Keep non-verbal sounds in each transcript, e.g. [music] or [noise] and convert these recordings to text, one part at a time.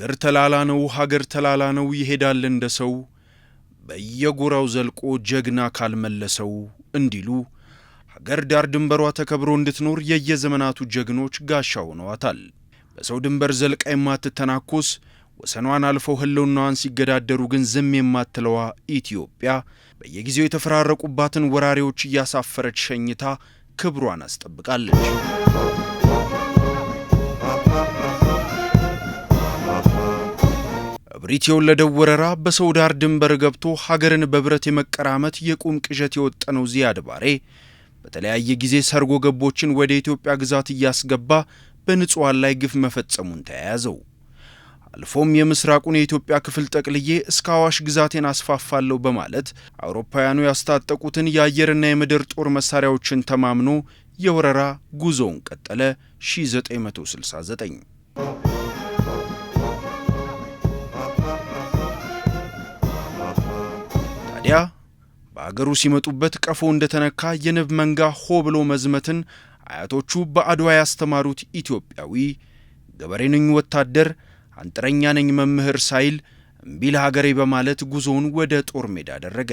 ሀገር ተላላ ነው፣ ሀገር ተላላ ነው ይሄዳል እንደ ሰው በየጎራው ዘልቆ ጀግና ካልመለሰው እንዲሉ ሀገር ዳር ድንበሯ ተከብሮ እንድትኖር የየዘመናቱ ጀግኖች ጋሻ ሆነዋታል። በሰው ድንበር ዘልቃ የማትተናኮስ ወሰኗን አልፈው ህልውናዋን ሲገዳደሩ ግን ዝም የማትለዋ ኢትዮጵያ በየጊዜው የተፈራረቁባትን ወራሪዎች እያሳፈረች ሸኝታ ክብሯን አስጠብቃለች። በብሪት የወለደው ወረራ በሰው ዳር ድንበር ገብቶ ሀገርን በብረት የመቀራመት የቁም ቅዠት የወጠነው ዚያድ ባሬ በተለያየ ጊዜ ሰርጎ ገቦችን ወደ ኢትዮጵያ ግዛት እያስገባ በንጹሐን ላይ ግፍ መፈጸሙን ተያያዘው። አልፎም የምስራቁን የኢትዮጵያ ክፍል ጠቅልዬ እስከ አዋሽ ግዛቴን አስፋፋለሁ በማለት አውሮፓውያኑ ያስታጠቁትን የአየርና የምድር ጦር መሳሪያዎችን ተማምኖ የወረራ ጉዞውን ቀጠለ 1969 ታዲያ በአገሩ ሲመጡበት ቀፎ እንደተነካ የንብ መንጋ ሆ ብሎ መዝመትን አያቶቹ በአድዋ ያስተማሩት ኢትዮጵያዊ ገበሬ ነኝ ወታደር፣ አንጥረኛ ነኝ መምህር ሳይል እምቢ ለሀገሬ በማለት ጉዞውን ወደ ጦር ሜዳ አደረገ።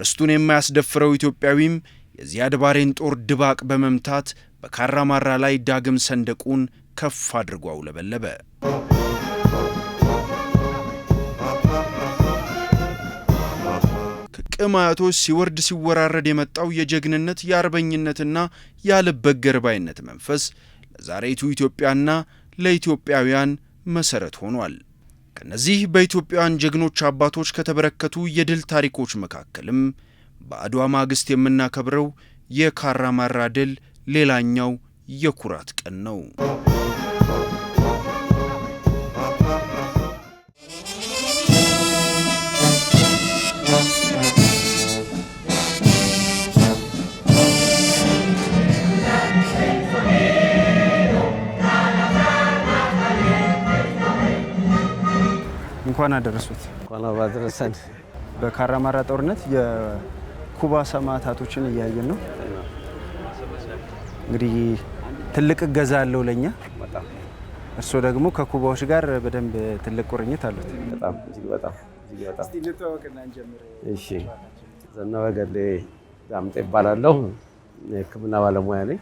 ርስቱን የማያስደፍረው ኢትዮጵያዊም የዚያድ ባሬን ጦር ድባቅ በመምታት በካራማራ ላይ ዳግም ሰንደቁን ከፍ አድርጎ አውለበለበ። ቅማያቶች ሲወርድ ሲወራረድ የመጣው የጀግንነት የአርበኝነትና ያለበገርባይነት መንፈስ ለዛሬቱ ኢትዮጵያና ለኢትዮጵያውያን መሰረት ሆኗል። ከነዚህ በኢትዮጵያውያን ጀግኖች አባቶች ከተበረከቱ የድል ታሪኮች መካከልም በአድዋ ማግስት የምናከብረው የካራማራ ድል ሌላኛው የኩራት ቀን ነው። እንኳን አደረሱት። እንኳን አደረሰን። በካራማራ ጦርነት የኩባ ሰማዕታቶችን እያየን ነው። እንግዲህ ትልቅ እገዛ አለው ለእኛ። እርስዎ ደግሞ ከኩባዎች ጋር በደንብ ትልቅ ቁርኝት አሉት። ዘነበገሌ ዳምጤ ይባላለሁ። የሕክምና ባለሙያ ነኝ።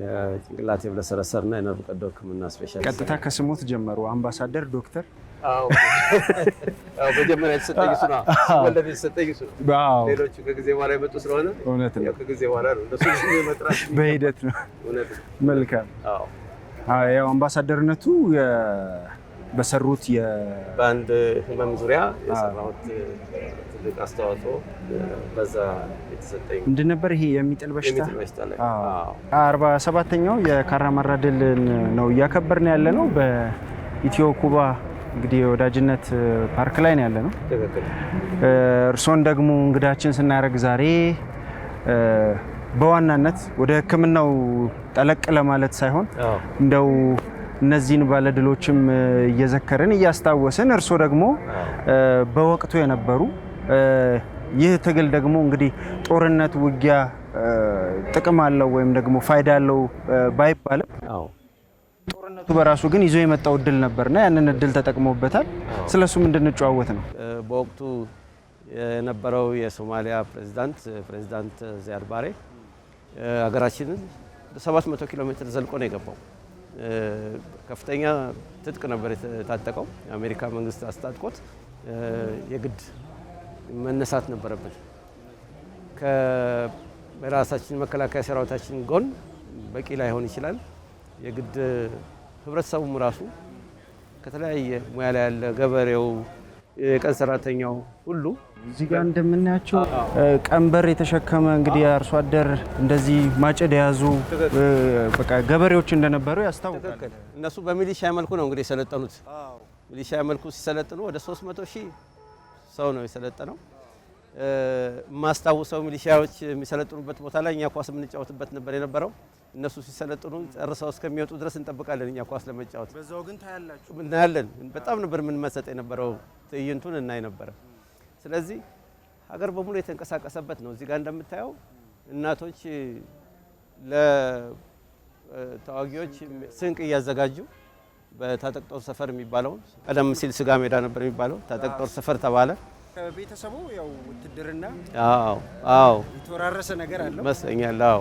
የጭንቅላት የብለሰረሰርና የነርቭ ቀዶ ህክምና ስፔሻሊስት። ቀጥታ ከስሞት ጀመሩ አምባሳደር ዶክተር መጀመሪያ የተሰጠኝ እሱ ነው። የተሰጠኝ እሱ ነው። ሌሎቹ ከጊዜ በኋላ የመጡ ስለሆነ እውነት ነው። ከጊዜ በኋላ ነው መጥራት በሂደት ነው። መልካም ያው አምባሳደርነቱ በሰሩት በአንድ ህመም ዙሪያ የሰራሁት ትልቅ አስተዋጽኦ በዛ የተሰጠኝ ምንድን ነበር? ይሄ የሚጥል በሽታ አርባ ሰባተኛው ድልን ነው እያከበርን ያለ ነው በኢትዮ ኩባ እንግዲህ የወዳጅነት ፓርክ ላይ ነው ያለ ነው። እርሶን ደግሞ እንግዳችን ስናደርግ ዛሬ በዋናነት ወደ ሕክምናው ጠለቅ ለማለት ሳይሆን እንደው እነዚህን ባለድሎችም እየዘከርን እያስታወስን እርሶ ደግሞ በወቅቱ የነበሩ ይህ ትግል ደግሞ እንግዲህ ጦርነት፣ ውጊያ ጥቅም አለው ወይም ደግሞ ፋይዳ አለው ባይባልም በራሱ ግን ይዞ የመጣው እድል ነበርና ያንን እድል ተጠቅሞበታል። ስለሱም እንድንጨዋወት ነው። በወቅቱ የነበረው የሶማሊያ ፕሬዚዳንት ፕሬዚዳንት ዚያድ ባሬ ሀገራችንን በ700 ኪሎ ሜትር ዘልቆ ነው የገባው። ከፍተኛ ትጥቅ ነበር የታጠቀው። የአሜሪካ መንግስት አስታጥቆት የግድ መነሳት ነበረብን። ከራሳችን መከላከያ ሰራዊታችን ጎን በቂ ላይሆን ይችላል የግድ ህብረተሰቡም ራሱ ከተለያየ ሙያ ላይ ያለ ገበሬው፣ የቀን ሰራተኛው ሁሉ እዚህ ጋር እንደምናያቸው ቀንበር የተሸከመ እንግዲህ አርሶ አደር እንደዚህ ማጭድ የያዙ በቃ ገበሬዎች እንደነበሩ ያስታውቃል። እነሱ በሚሊሻ መልኩ ነው እንግዲህ የሰለጠኑት። ሚሊሻ መልኩ ሲሰለጥኑ ወደ 300 ሺህ ሰው ነው የሰለጠነው። ማስታውሰው ሚሊሺያዎች የሚሰለጥኑበት ቦታ ላይ እኛ ኳስ የምንጫወትበት ነበር የነበረው። እነሱ ሲሰለጥኑ ጨርሰው እስከሚወጡ ድረስ እንጠብቃለን እኛ ኳስ ለመጫወት። በዛው ግን ታያላችሁ፣ እናያለን። በጣም ነበር የምንመሰጥ የነበረው፣ ትዕይንቱን እናይ ነበረ። ስለዚህ ሀገር በሙሉ የተንቀሳቀሰበት ነው። እዚህ ጋር እንደምታየው እናቶች ለተዋጊዎች ስንቅ እያዘጋጁ በታጠቅ ጦር ሰፈር የሚባለውን ቀደም ሲል ስጋ ሜዳ ነበር የሚባለው ታጠቅ ጦር ሰፈር ተባለ። ቤተሰቡ ያው ውትድርና አዎ አዎ የተወራረሰ ነገር አለው ይመስለኛል። አዎ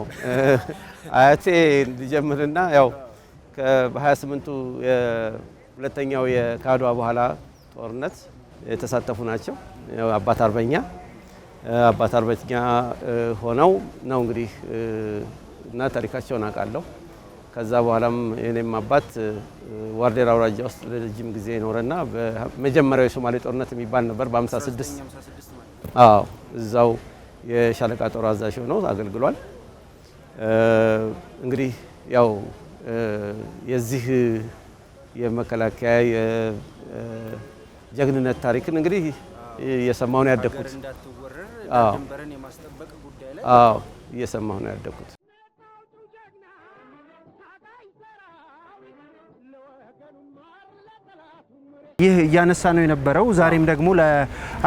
[laughs] አያቴ እንዲጀምርና ያው በ28ቱ ሁለተኛው የካድዋ በኋላ ጦርነት የተሳተፉ ናቸው። አባት አርበኛ አባት አርበኛ ሆነው ነው እንግዲህ እና ታሪካቸውን አውቃለሁ። ከዛ በኋላም የኔም አባት ዋርዴር አውራጃ ውስጥ ለረጅም ጊዜ ኖረና በመጀመሪያው የሶማሌ ጦርነት የሚባል ነበር በ56 አዎ እዛው የሻለቃ ጦር አዛዥ ሆኖ አገልግሏል። እንግዲህ ያው የዚህ የመከላከያ የጀግንነት ታሪክን እንግዲህ እየሰማሁ ነው ያደግኩት። አዎ እየሰማሁ ነው ያደግኩት። ይህ እያነሳ ነው የነበረው። ዛሬም ደግሞ ለ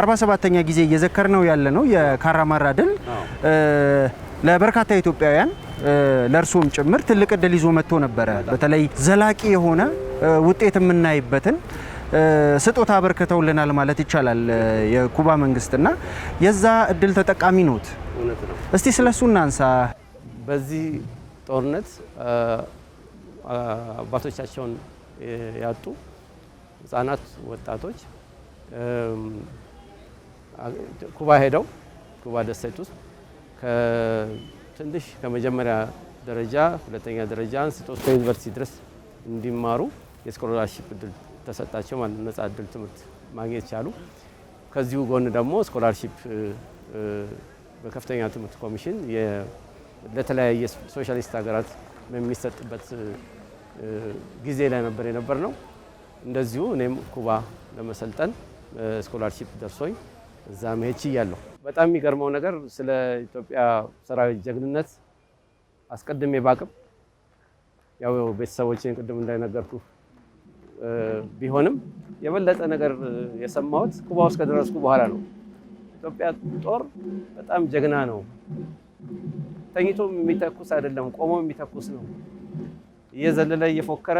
47 ተኛ ጊዜ እየዘከር ነው ያለ ነው የካራማራ ድል ለበርካታ ኢትዮጵያውያን ለእርስም ጭምር ትልቅ እድል ይዞ መጥቶ ነበረ። በተለይ ዘላቂ የሆነ ውጤት የምናይበትን ስጦታ አበርክተውልናል ማለት ይቻላል የኩባ መንግስትና የዛ እድል ተጠቃሚ ኖት። እስቲ ስለ እሱ እናንሳ። በዚህ ጦርነት አባቶቻቸውን ያጡ ህጻናት፣ ወጣቶች ኩባ ሄደው ኩባ ደሴት ውስጥ ከትንሽ ከመጀመሪያ ደረጃ ሁለተኛ ደረጃ አንስቶ እስከ ዩኒቨርሲቲ ድረስ እንዲማሩ የስኮላርሽፕ እድል ተሰጣቸው። ማለት ነጻ እድል ትምህርት ማግኘት ቻሉ። ከዚሁ ጎን ደግሞ ስኮላርሽፕ በከፍተኛ ትምህርት ኮሚሽን ለተለያየ ሶሻሊስት ሀገራት የሚሰጥበት ጊዜ ላይ ነበር የነበር ነው። እንደዚሁ እኔም ኩባ ለመሰልጠን ስኮላርሺፕ ደርሶኝ እዛ መሄድ ችያለሁ። በጣም የሚገርመው ነገር ስለ ኢትዮጵያ ሰራዊት ጀግንነት አስቀድሜ ባቅም ያው ቤተሰቦችን ቅድም እንዳይነገርኩ ቢሆንም የበለጠ ነገር የሰማሁት ኩባ ውስጥ ከደረስኩ በኋላ ነው። ኢትዮጵያ ጦር በጣም ጀግና ነው። ተኝቶ የሚተኩስ አይደለም፣ ቆሞ የሚተኩስ ነው። እየዘለለ እየፎከረ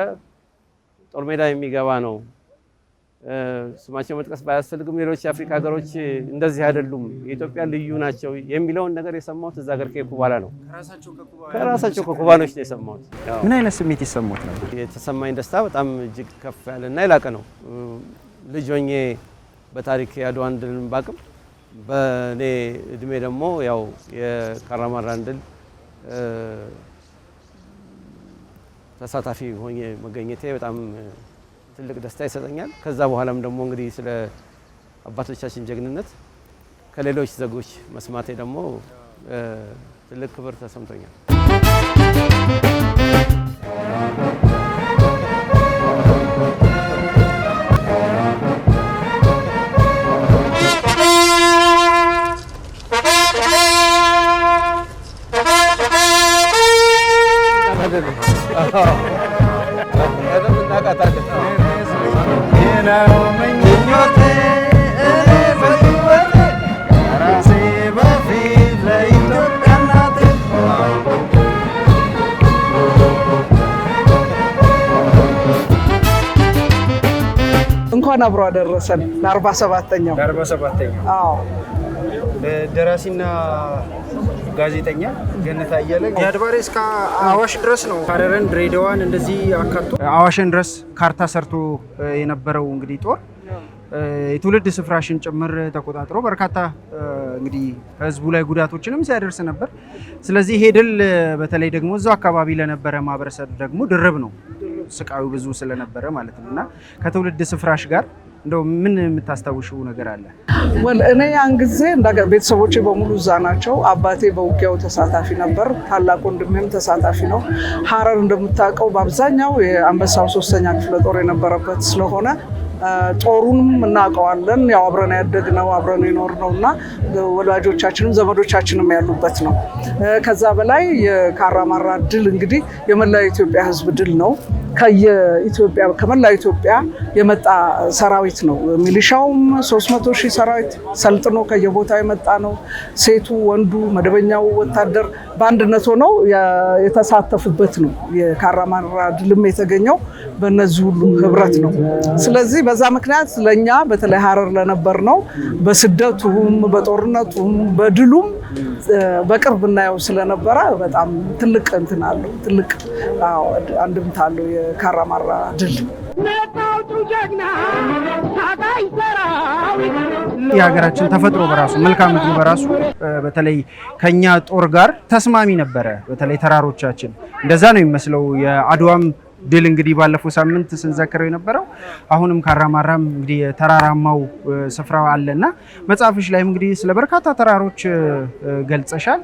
ጦር ሜዳ የሚገባ ነው። ስማቸው መጥቀስ ባያስፈልግም ሌሎች የአፍሪካ ሀገሮች እንደዚህ አይደሉም፣ የኢትዮጵያ ልዩ ናቸው የሚለውን ነገር የሰማሁት እዛ ሀገር ከሄድኩ በኋላ ነው። ከራሳቸው ከኩባኖች ነው የሰማሁት። ምን አይነት ስሜት የሰማሁት ነበር? የተሰማኝ ደስታ በጣም እጅግ ከፍ ያለና የላቀ ነው። ልጅ ሆኜ በታሪክ የአድዋን ድልን ባቅም በእኔ እድሜ ደግሞ ያው የካራማራን ድል ተሳታፊ ሆኜ መገኘቴ በጣም ትልቅ ደስታ ይሰጠኛል። ከዛ በኋላም ደግሞ እንግዲህ ስለ አባቶቻችን ጀግንነት ከሌሎች ዜጎች መስማቴ ደግሞ ትልቅ ክብር ተሰምቶኛል። እንኳን አብሮ አደረሰን ለአርባ ሰባተኛው ደራሲና ጋዜጠኛ ገነት አያለ የአድባሬ እስከ አዋሽ ድረስ ነው። ሐረርን፣ ድሬዳዋን እንደዚህ አካቶ አዋሽን ድረስ ካርታ ሰርቶ የነበረው እንግዲህ ጦር የትውልድ ስፍራሽን ጭምር ተቆጣጥሮ በርካታ እንግዲህ ህዝቡ ላይ ጉዳቶችንም ሲያደርስ ነበር። ስለዚህ ይሄ ድል በተለይ ደግሞ እዛው አካባቢ ለነበረ ማህበረሰብ ደግሞ ድርብ ነው። ስቃዩ ብዙ ስለነበረ ማለት ነው እና ከትውልድ ስፍራሽ ጋር እንደው ምን የምታስታውሽው ነገር አለ? ወል እኔ ያን ጊዜ ቤተሰቦቼ በሙሉ እዛ ናቸው። አባቴ በውጊያው ተሳታፊ ነበር። ታላቅ ወንድሜም ተሳታፊ ነው። ሀረር እንደምታውቀው በአብዛኛው የአንበሳው ሶስተኛ ክፍለ ጦር የነበረበት ስለሆነ ጦሩንም እናውቀዋለን። ያው አብረን ያደግነው አብረን የኖርነው እና ወላጆቻችንም ዘመዶቻችንም ያሉበት ነው። ከዛ በላይ የካራማራ ድል እንግዲህ የመላ ኢትዮጵያ ሕዝብ ድል ነው። ከየኢትዮጵያ ከመላ ኢትዮጵያ የመጣ ሰራዊት ነው። ሚሊሻውም 300 ሺህ ሰራዊት ሰልጥኖ ከየቦታው የመጣ ነው። ሴቱ፣ ወንዱ፣ መደበኛው ወታደር በአንድነት ሆነው የተሳተፉበት ነው። የካራማራ ድልም የተገኘው በእነዚህ ሁሉ ህብረት ነው። ስለዚህ በዛ ምክንያት ለእኛ በተለይ ሀረር ለነበር ነው በስደቱም በጦርነቱም በድሉም በቅርብ እናየው ስለነበረ በጣም ትልቅ እንትን አለው ትልቅ አንድምታ አለው የካራማራ ድል። የሀገራችን ተፈጥሮ በራሱ መልካም ምድሩ በራሱ በተለይ ከኛ ጦር ጋር ተስማሚ ነበረ። በተለይ ተራሮቻችን እንደዛ ነው የሚመስለው። የአድዋም ድል እንግዲህ ባለፈው ሳምንት ስንዘክረው የነበረው አሁንም ካራማራም እንግዲህ ተራራማው ስፍራ አለና መጽሐፍሽ ላይም እንግዲህ ስለ በርካታ ተራሮች ገልጸሻል።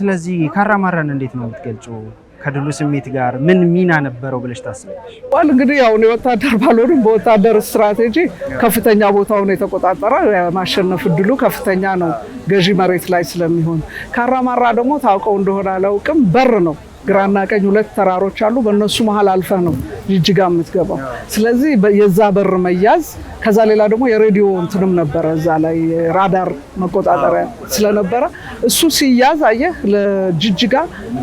ስለዚህ ካራማራን እንዴት ነው የምትገልጪው? ከድሉ ስሜት ጋር ምን ሚና ነበረው ብለሽ ታስቢያለሽ? ዋል እንግዲህ ያው ወታደር ባልሆንም በወታደር ስትራቴጂ ከፍተኛ ቦታውን የተቆጣጠረ የማሸነፍ እድሉ ከፍተኛ ነው፣ ገዢ መሬት ላይ ስለሚሆን። ካራማራ ደግሞ ታውቀው እንደሆነ አላውቅም በር ነው ግራና ቀኝ ሁለት ተራሮች አሉ። በእነሱ መሀል አልፈ ነው ጅጅጋ የምትገባው። ስለዚህ የዛ በር መያዝ፣ ከዛ ሌላ ደግሞ የሬዲዮ እንትንም ነበረ እዛ ላይ ራዳር መቆጣጠሪያ ስለነበረ እሱ ሲያዝ አየህ ለጅጅጋ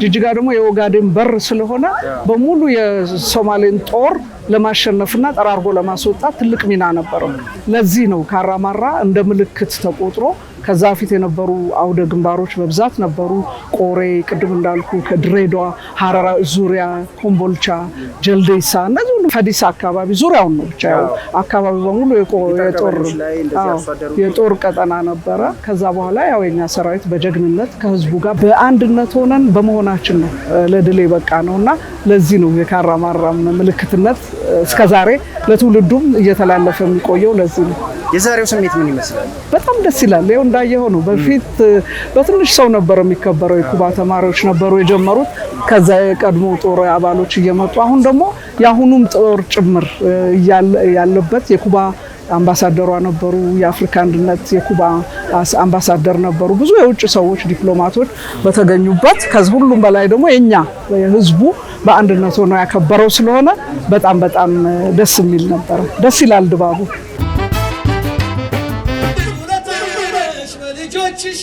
ጅጅጋ ደግሞ የኦጋዴን በር ስለሆነ በሙሉ የሶማሌን ጦር ለማሸነፍና ጠራርጎ ለማስወጣት ትልቅ ሚና ነበረው። ለዚህ ነው ካራማራ እንደ ምልክት ተቆጥሮ ከዛ ፊት የነበሩ አውደ ግንባሮች በብዛት ነበሩ። ቆሬ፣ ቅድም እንዳልኩ ከድሬዳዋ ሀረራ ዙሪያ፣ ኮምቦልቻ፣ ጀልዴሳ እነዚ ሀዲስ አካባቢ ዙሪያውን ነው ብቻ ያው አካባቢ በሙሉ የጦር ቀጠና ነበረ። ከዛ በኋላ ያው የኛ ሰራዊት በጀግንነት ከህዝቡ ጋር በአንድነት ሆነን በመሆናችን ነው ለድል በቃ ነው እና ለዚህ ነው የካራማራም ምልክትነት እስከዛሬ ለትውልዱም እየተላለፈ የሚቆየው ለዚህ ነው። የዛሬው ስሜት ምን ይመስላል? በጣም ደስ ይላል። ይኸው እንዳየኸው ነው። በፊት በትንሽ ሰው ነበር የሚከበረው። የኩባ ተማሪዎች ነበሩ የጀመሩት። ከዛ የቀድሞ ጦር አባሎች እየመጡ አሁን ደግሞ የአሁኑም ጦር ጭምር ያለበት የኩባ አምባሳደሯ ነበሩ። የአፍሪካ አንድነት የኩባ አምባሳደር ነበሩ። ብዙ የውጭ ሰዎች ዲፕሎማቶች በተገኙበት ከዚ ሁሉም በላይ ደግሞ የኛ ህዝቡ በአንድነት ሆነው ያከበረው ስለሆነ በጣም በጣም ደስ የሚል ነበረ። ደስ ይላል ድባቡ። በቤትሽ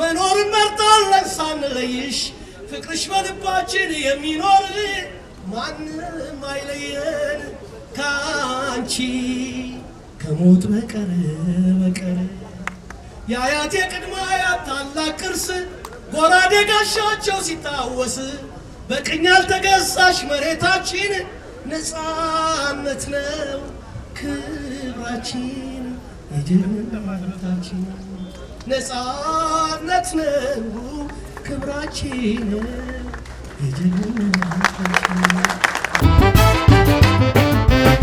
መኖርን መርጣለን ሳንለይሽ ፍቅርሽ በልባችን የሚኖር ማንም አይለየን ከአንቺ ከሞት በቀር በቀር የአያቴ ቅድመ አያት ታላቅ ቅርስ ጎራዴ ጋሻቸው ሲታወስ በቅኝ ያልተገዛሽ መሬታችን ነፃነት ነው ክብራችን የጀግንነታችን ነፃነት ነው ክብራችን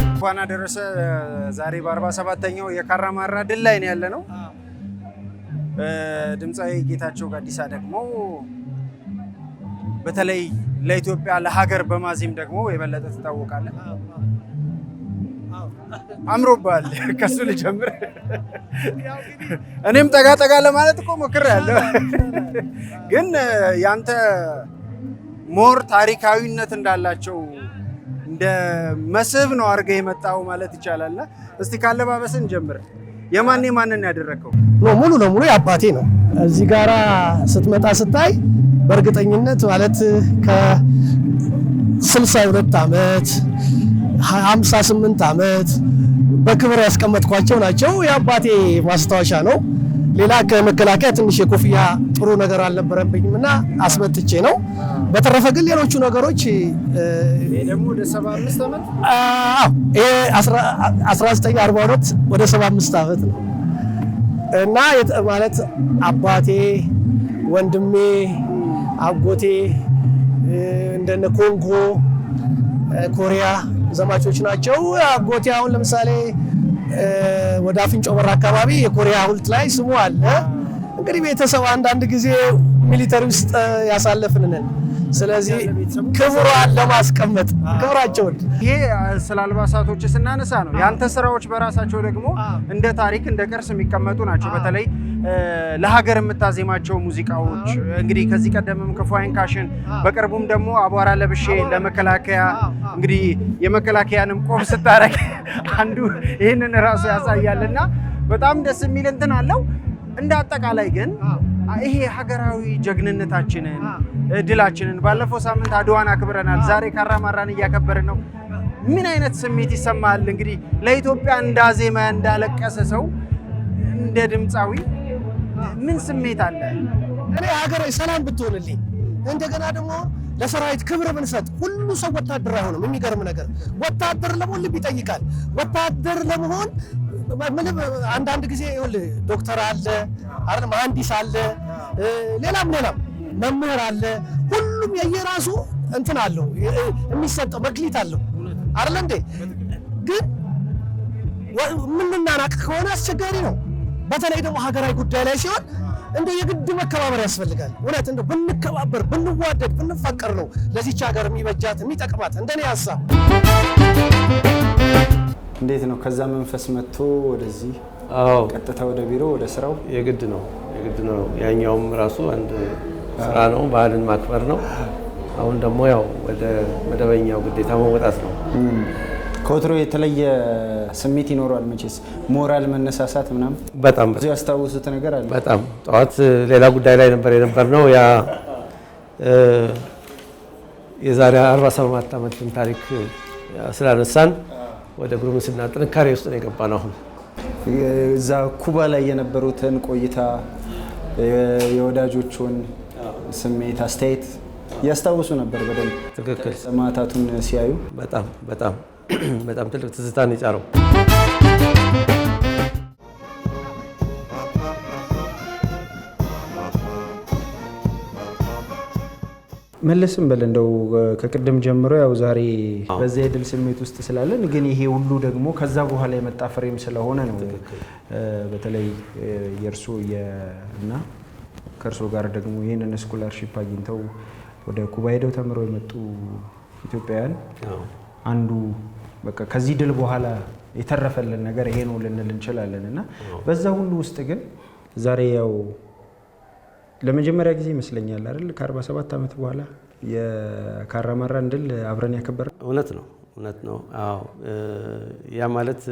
እንኳን አደረሰ። ዛሬ በአርባ ሰባተኛው የካራማራ ድል ላይ ነው ያለ ነው። ድምፃዊ ጌታቸው ጋዲሳ ደግሞ በተለይ ለኢትዮጵያ ለሀገር በማዜም ደግሞ የበለጠ ትታወቃለህ። አምሮባል። ከሱ ልጀምር። እኔም ጠጋ ጠጋ ለማለት እኮ ሞክሬያለሁ፣ ግን ያንተ ሞር ታሪካዊነት እንዳላቸው እንደ መስህብ ነው አድርገህ የመጣው ማለት ይቻላልና፣ እስቲ ካለባበስን ጀምር። የማን የማንን ያደረከው? ሙሉ ለሙሉ የአባቴ ነው። እዚህ ጋራ ስትመጣ ስታይ በእርግጠኝነት ማለት ከ 62 ዓመት 58 ዓመት በክብር ያስቀመጥኳቸው ናቸው። የአባቴ ማስታወሻ ነው። ሌላ ከመከላከያ ትንሽ የኮፍያ ጥሩ ነገር አልነበረብኝም እና አስመጥቼ ነው። በተረፈ ግን ሌሎቹ ነገሮች ይሄ 1942 ወደ 75 ዓመት ነው እና ማለት አባቴ፣ ወንድሜ፣ አጎቴ እንደነ ኮንጎ፣ ኮሪያ ዘማቾች ናቸው። አጎቴ አሁን ለምሳሌ ወደ አፍንጮ በር አካባቢ የኮሪያ ሁልት ላይ ስሙ አለ። እንግዲህ ቤተሰብ አንዳንድ ጊዜ ሚሊተሪ ውስጥ ያሳለፍንን ስለዚህ ክብሯን ለማስቀመጥ ክብራቸውን ይሄ ስለ አልባሳቶች ስናነሳ ነው። የአንተ ስራዎች በራሳቸው ደግሞ እንደ ታሪክ እንደ ቅርስ የሚቀመጡ ናቸው። በተለይ ለሀገር የምታዜማቸው ሙዚቃዎች እንግዲህ ከዚህ ቀደምም ክፉ አይንካሽን፣ በቅርቡም ደግሞ አቧራ ለብሼ ለመከላከያ እንግዲህ የመከላከያንም ቆብ ስታረግ አንዱ ይህንን ራሱ ያሳያልና በጣም ደስ የሚል እንትን አለው እንደ አጠቃላይ ግን ይሄ ሀገራዊ ጀግንነታችንን እድላችንን ባለፈው ሳምንት አድዋን አክብረናል። ዛሬ ካራማራን እያከበርን ነው። ምን አይነት ስሜት ይሰማል? እንግዲህ ለኢትዮጵያ እንዳዜመ እንዳለቀሰ ሰው እንደ ድምፃዊ ምን ስሜት አለ? እኔ ሀገራዊ ሰላም ብትሆንልኝ፣ እንደገና ደግሞ ለሰራዊት ክብር ብንሰጥ። ሁሉ ሰው ወታደር አይሆንም። የሚገርም ነገር ወታደር ለመሆን ልብ ይጠይቃል። ወታደር ለመሆን ምንም አንዳንድ ጊዜ ይኸውልህ ዶክተር አለ አይደል፣ መሐንዲስ አለ፣ ሌላም ሌላም መምህር አለ። ሁሉም የየራሱ እንትን አለው የሚሰጠው መክሊት አለው አይደል እንዴ? ግን የምንናናቅ ከሆነ አስቸጋሪ ነው። በተለይ ደግሞ ሀገራዊ ጉዳይ ላይ ሲሆን እንደ የግድ መከባበር ያስፈልጋል። እውነት እንደው ብንከባበር፣ ብንዋደድ፣ ብንፈቀር ነው ለዚች ሀገር የሚበጃት የሚጠቅማት እንደኔ ሀሳብ እንዴት ነው ከዛ መንፈስ መጥቶ ወደዚህ ቀጥታ ወደ ቢሮ ወደ ስራው? የግድ ነው የግድ ነው። ያኛውም ራሱ አንድ ስራ ነው፣ ባህልን ማክበር ነው። አሁን ደግሞ ያው ወደ መደበኛው ግዴታ መወጣት ነው። ከወትሮ የተለየ ስሜት ይኖረዋል መቼስ፣ ሞራል መነሳሳት ምናምን በጣም ብዙ ያስታውሱት ነገር አለ። በጣም ጠዋት ሌላ ጉዳይ ላይ ነበር የነበር ነው ያ የዛሬ 47 ዓመትን ታሪክ ስላነሳን ወደ ጉርምስና ጥንካሬ ውስጥ ነው የገባ ነው። አሁን እዛ ኩባ ላይ የነበሩትን ቆይታ የወዳጆቹን ስሜት አስተያየት ያስታውሱ ነበር በደንብ ትክክል። ሰማዕታቱን ሲያዩ በጣም በጣም [clears throat] በጣም ትልቅ ትዝታን የጫረው መለስም በል እንደው ከቅድም ጀምሮ ያው ዛሬ በዛ የድል ስሜት ውስጥ ስላለን ግን ይሄ ሁሉ ደግሞ ከዛ በኋላ የመጣ ፍሬም ስለሆነ ነው። በተለይ የእርሶ እና ከእርሶ ጋር ደግሞ ይህንን ስኮላርሺፕ አግኝተው ወደ ኩባ ሄደው ተምረው የመጡ ኢትዮጵያውያን አንዱ በቃ ከዚህ ድል በኋላ የተረፈልን ነገር ይሄ ነው ልንል እንችላለን እና በዛ ሁሉ ውስጥ ግን ዛሬ ያው ለመጀመሪያ ጊዜ ይመስለኛል አይደል ከ47 ዓመት በኋላ የካራማራን ድል አብረን ያከበረ። እውነት ነው፣ እውነት ነው። አዎ ያ ማለት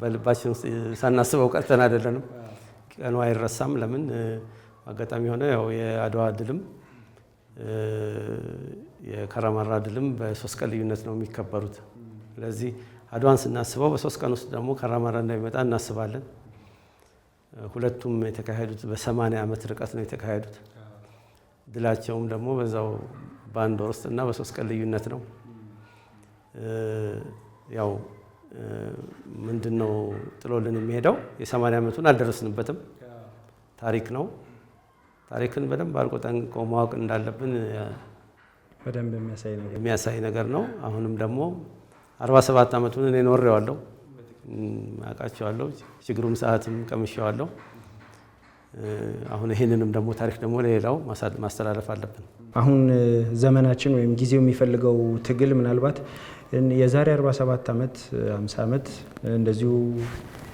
በልባችን ውስጥ ሳናስበው ቀርተን አይደለንም። ቀኑ አይረሳም። ለምን አጋጣሚ የሆነ ያው የአድዋ ድልም የካራማራ ድልም በሶስት ቀን ልዩነት ነው የሚከበሩት። ስለዚህ አድዋን ስናስበው በሶስት ቀን ውስጥ ደግሞ ካራማራ እንደሚመጣ እናስባለን። ሁለቱም የተካሄዱት በሰማንያ ዓመት ርቀት ነው የተካሄዱት። ድላቸውም ደግሞ በዛው በአንድ ወር ውስጥ እና በሶስት ቀን ልዩነት ነው። ያው ምንድን ነው ጥሎልን የሚሄደው? የሰማንያ ዓመቱን አልደረስንበትም። ታሪክ ነው። ታሪክን በደንብ አርቆ ጠንቅቆ ማወቅ እንዳለብን በደንብ የሚያሳይ ነገር ነው። አሁንም ደግሞ አርባ ሰባት ዓመቱን እኔ ኖሬዋለሁ። አውቃቸዋለሁ። ችግሩም ሰዓትም ቀምሸዋለሁ። አሁን ይህንንም ደግሞ ታሪክ ደግሞ ለሌላው ማስተላለፍ አለብን። አሁን ዘመናችን ወይም ጊዜው የሚፈልገው ትግል ምናልባት የዛሬ 47 ዓመት 50 ዓመት እንደዚሁ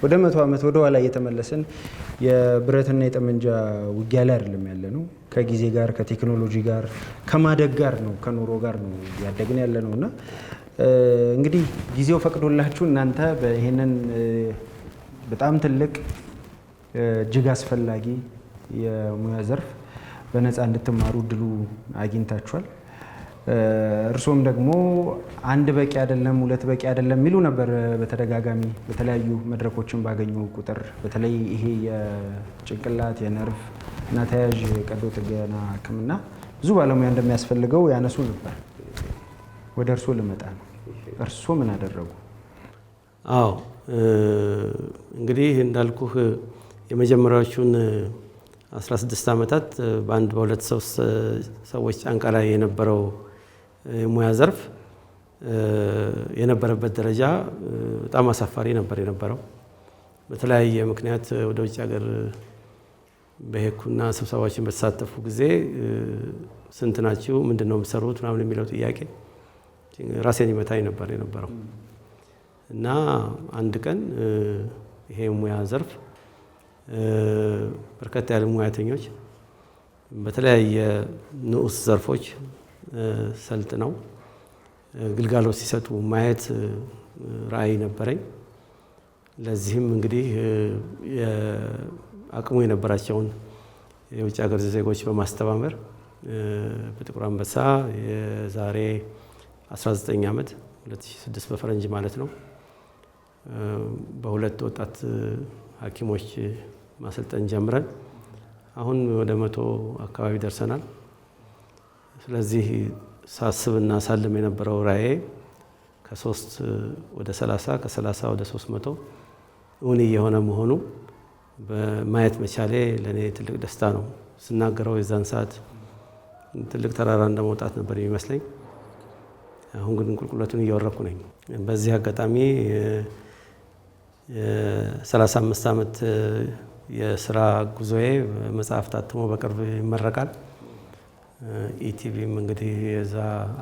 ወደ መቶ ዓመት ወደ ኋላ እየተመለስን የብረትና የጠመንጃ ውጊያ ላይ አይደለም ያለ ነው። ከጊዜ ጋር ከቴክኖሎጂ ጋር ከማደግ ጋር ነው ከኑሮ ጋር ነው ያደግን ያለ ነው እና እንግዲህ ጊዜው ፈቅዶላችሁ እናንተ ይህንን በጣም ትልቅ እጅግ አስፈላጊ የሙያ ዘርፍ በነፃ እንድትማሩ እድሉ አግኝታችኋል። እርሶም ደግሞ አንድ በቂ አይደለም፣ ሁለት በቂ አይደለም የሚሉ ነበር በተደጋጋሚ በተለያዩ መድረኮችን ባገኙ ቁጥር። በተለይ ይሄ የጭንቅላት የነርቭ እና ተያዥ ቀዶ ጥገና ሕክምና ብዙ ባለሙያ እንደሚያስፈልገው ያነሱ ነበር። ወደ እርሶ ልመጣ ነው። እርሶ ምን አደረጉ? አዎ እንግዲህ እንዳልኩህ የመጀመሪያዎቹን 16 ዓመታት በአንድ በሁለት ሰው ሰዎች ጫንቃ ላይ የነበረው የሙያ ዘርፍ የነበረበት ደረጃ በጣም አሳፋሪ ነበር የነበረው። በተለያየ ምክንያት ወደ ውጭ ሀገር በሄኩና ስብሰባዎችን በተሳተፉ ጊዜ ስንት ናችሁ፣ ምንድን ነው የምትሰሩት ምናምን የሚለው ጥያቄ ራሴን ይመታኝ ነበር የነበረው እና አንድ ቀን ይሄ ሙያ ዘርፍ በርከት ያለ ሙያተኞች በተለያየ ንዑስ ዘርፎች ሰልጥነው ግልጋሎት ሲሰጡ ማየት ራዕይ ነበረኝ። ለዚህም እንግዲህ አቅሙ የነበራቸውን የውጭ ሀገር ዜጎች በማስተባበር በጥቁር አንበሳ የዛሬ 19 ዓመት 2006 በፈረንጅ ማለት ነው። በሁለት ወጣት ሐኪሞች ማሰልጠን ጀምረን አሁን ወደ መቶ አካባቢ ደርሰናል። ስለዚህ ሳስብ እና ሳልም የነበረው ራዕዬ ከሶስት ወደ 30 ከ30 ወደ 300 እውን እየሆነ መሆኑ በማየት መቻሌ ለእኔ ትልቅ ደስታ ነው። ስናገረው የዛን ሰዓት ትልቅ ተራራ እንደመውጣት ነበር የሚመስለኝ። አሁን ግን ቁልቁለቱን እያወረኩ ነኝ። በዚህ አጋጣሚ የሰላሳ አምስት ዓመት የስራ ጉዞዬ መጽሐፍ ታትሞ በቅርብ ይመረቃል። ኢቲቪም እንግዲህ የዛ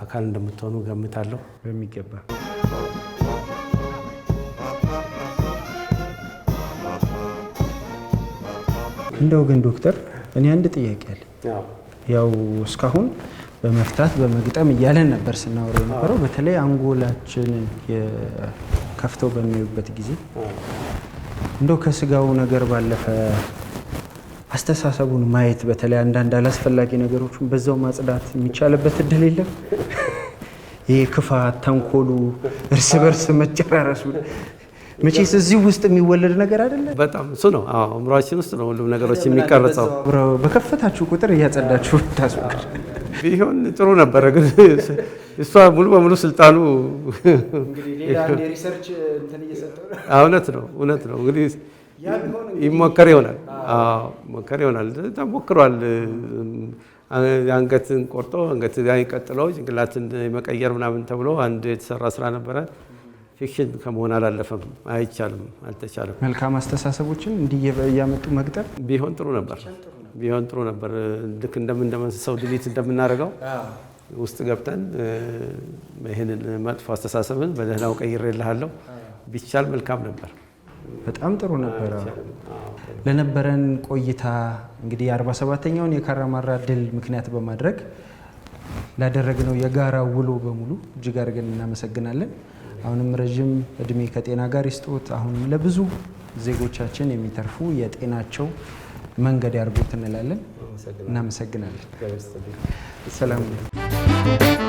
አካል እንደምትሆኑ ገምታለሁ። በሚገባ እንደው ግን ዶክተር እኔ አንድ ጥያቄ አለ። ያው እስካሁን በመፍታት በመግጠም እያለን ነበር ስናወረ የነበረው። በተለይ አንጎላችን ከፍተው በሚዩበት ጊዜ እንደው ከስጋው ነገር ባለፈ አስተሳሰቡን ማየት በተለይ አንዳንድ አላስፈላጊ ነገሮችን በዛው ማጽዳት የሚቻልበት እድል የለም። ይህ ክፋት፣ ተንኮሉ፣ እርስ በርስ መጨራረሱ መቼስ እዚህ ውስጥ የሚወለድ ነገር አይደለም። በጣም እሱ ነው አእምሯችን ውስጥ ነው ሁሉም ነገሮች የሚቀረጸው። በከፈታችሁ ቁጥር እያጸዳችሁ ታስወግድ ቢሆን ጥሩ ነበረ። ግን እሷ ሙሉ በሙሉ ስልጣኑ እውነት ነው እውነት ነው። እንግዲህ ይሞከር ይሆናል ሞከር ይሆናል። ሞክሯል። አንገትን ቆርጦ አንገት ቀጥሎ ጭንቅላትን መቀየር ምናምን ተብሎ አንድ የተሰራ ስራ ነበረ። ፊክሽን ከመሆን አላለፈም። አይቻልም፣ አልተቻለም። መልካም አስተሳሰቦችን እንዲህ እያመጡ መቅጠር ቢሆን ጥሩ ነበር፣ ቢሆን ጥሩ ነበር። ልክ እንደምንሰው ድሊት እንደምናደርገው ውስጥ ገብተን ይህንን መጥፎ አስተሳሰብን በደህናው ቀይሬልሃለሁ ቢቻል መልካም ነበር። በጣም ጥሩ ነበረ። ለነበረን ቆይታ እንግዲህ የ 47 የካራማራ ድል ምክንያት በማድረግ ላደረግነው የጋራ ውሎ በሙሉ እጅግ አድርገን እናመሰግናለን። አሁንም ረዥም እድሜ ከጤና ጋር ይስጡት። አሁንም ለብዙ ዜጎቻችን የሚተርፉ የጤናቸው መንገድ ያርጉት እንላለን። እናመሰግናለን። ሰላም